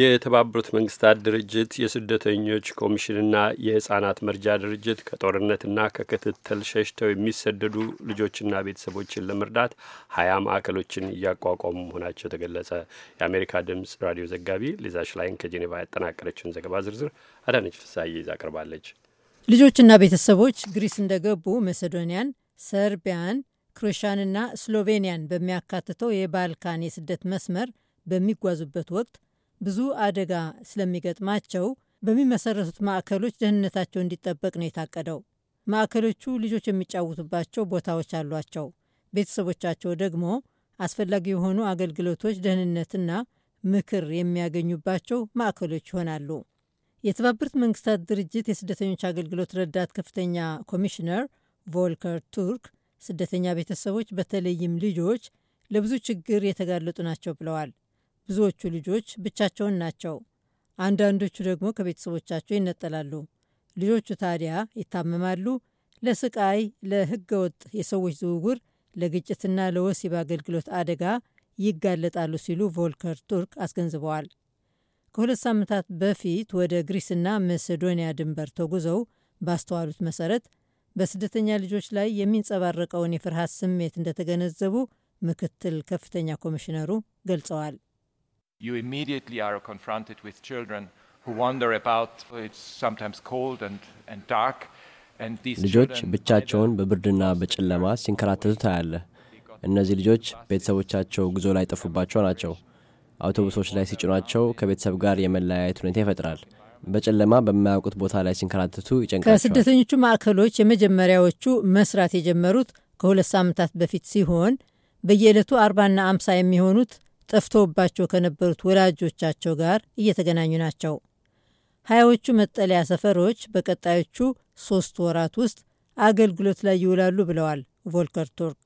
የተባበሩት መንግስታት ድርጅት የስደተኞች ኮሚሽንና የህጻናት መርጃ ድርጅት ከጦርነትና ከክትትል ሸሽተው የሚሰደዱ ልጆችና ቤተሰቦችን ለመርዳት ሀያ ማዕከሎችን እያቋቋሙ መሆናቸው ተገለጸ። የአሜሪካ ድምጽ ራዲዮ ዘጋቢ ሊዛ ሽላይን ከጄኔቫ ያጠናቀረችውን ዘገባ ዝርዝር አዳነች ፍሳዬ ይዛ ቀርባለች። ልጆችና ቤተሰቦች ግሪስ እንደገቡ መሴዶኒያን፣ ሰርቢያን፣ ክሮሻንና ስሎቬኒያን በሚያካትተው የባልካን የስደት መስመር በሚጓዙበት ወቅት ብዙ አደጋ ስለሚገጥማቸው በሚመሰረቱት ማዕከሎች ደህንነታቸው እንዲጠበቅ ነው የታቀደው። ማዕከሎቹ ልጆች የሚጫወቱባቸው ቦታዎች አሏቸው። ቤተሰቦቻቸው ደግሞ አስፈላጊ የሆኑ አገልግሎቶች፣ ደህንነትና ምክር የሚያገኙባቸው ማዕከሎች ይሆናሉ። የተባበሩት መንግስታት ድርጅት የስደተኞች አገልግሎት ረዳት ከፍተኛ ኮሚሽነር ቮልከር ቱርክ ስደተኛ ቤተሰቦች በተለይም ልጆች ለብዙ ችግር የተጋለጡ ናቸው ብለዋል። ብዙዎቹ ልጆች ብቻቸውን ናቸው። አንዳንዶቹ ደግሞ ከቤተሰቦቻቸው ይነጠላሉ። ልጆቹ ታዲያ ይታመማሉ፣ ለስቃይ፣ ወጥ የሰዎች ዝውውር፣ ለግጭትና ለወሲብ አገልግሎት አደጋ ይጋለጣሉ ሲሉ ቮልከር ቱርክ አስገንዝበዋል። ከሁለት ሳምንታት በፊት ወደ ግሪስና መሴዶኒያ ድንበር ተጉዘው ባስተዋሉት መሰረት በስደተኛ ልጆች ላይ የሚንጸባረቀውን የፍርሃት ስሜት እንደተገነዘቡ ምክትል ከፍተኛ ኮሚሽነሩ ገልጸዋል። you immediately are confronted with children who wander about. It's sometimes cold and, and dark. ልጆች ብቻቸውን በብርድና በጨለማ ሲንከራተቱ ታያለ። እነዚህ ልጆች ቤተሰቦቻቸው ጉዞ ላይ ጠፉባቸው ናቸው። አውቶቡሶች ላይ ሲጭኗቸው ከቤተሰብ ጋር የመለያየት ሁኔታ ይፈጥራል። በጨለማ በማያውቁት ቦታ ላይ ሲንከራተቱ ይጨንቃቸዋል። ከስደተኞቹ ማዕከሎች የመጀመሪያዎቹ መስራት የጀመሩት ከሁለት ሳምንታት በፊት ሲሆን በየዕለቱ አርባና አምሳ የሚሆኑት ጠፍቶባቸው ከነበሩት ወላጆቻቸው ጋር እየተገናኙ ናቸው። ሀያዎቹ መጠለያ ሰፈሮች በቀጣዮቹ ሶስት ወራት ውስጥ አገልግሎት ላይ ይውላሉ ብለዋል ቮልከር ቱርክ።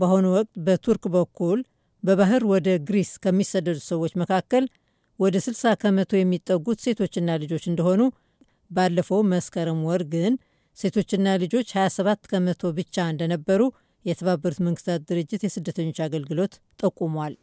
በአሁኑ ወቅት በቱርክ በኩል በባህር ወደ ግሪስ ከሚሰደዱ ሰዎች መካከል ወደ 60 ከመቶ የሚጠጉት ሴቶችና ልጆች እንደሆኑ፣ ባለፈው መስከረም ወር ግን ሴቶችና ልጆች 27 ከመቶ ብቻ እንደነበሩ የተባበሩት መንግስታት ድርጅት የስደተኞች አገልግሎት ጠቁሟል።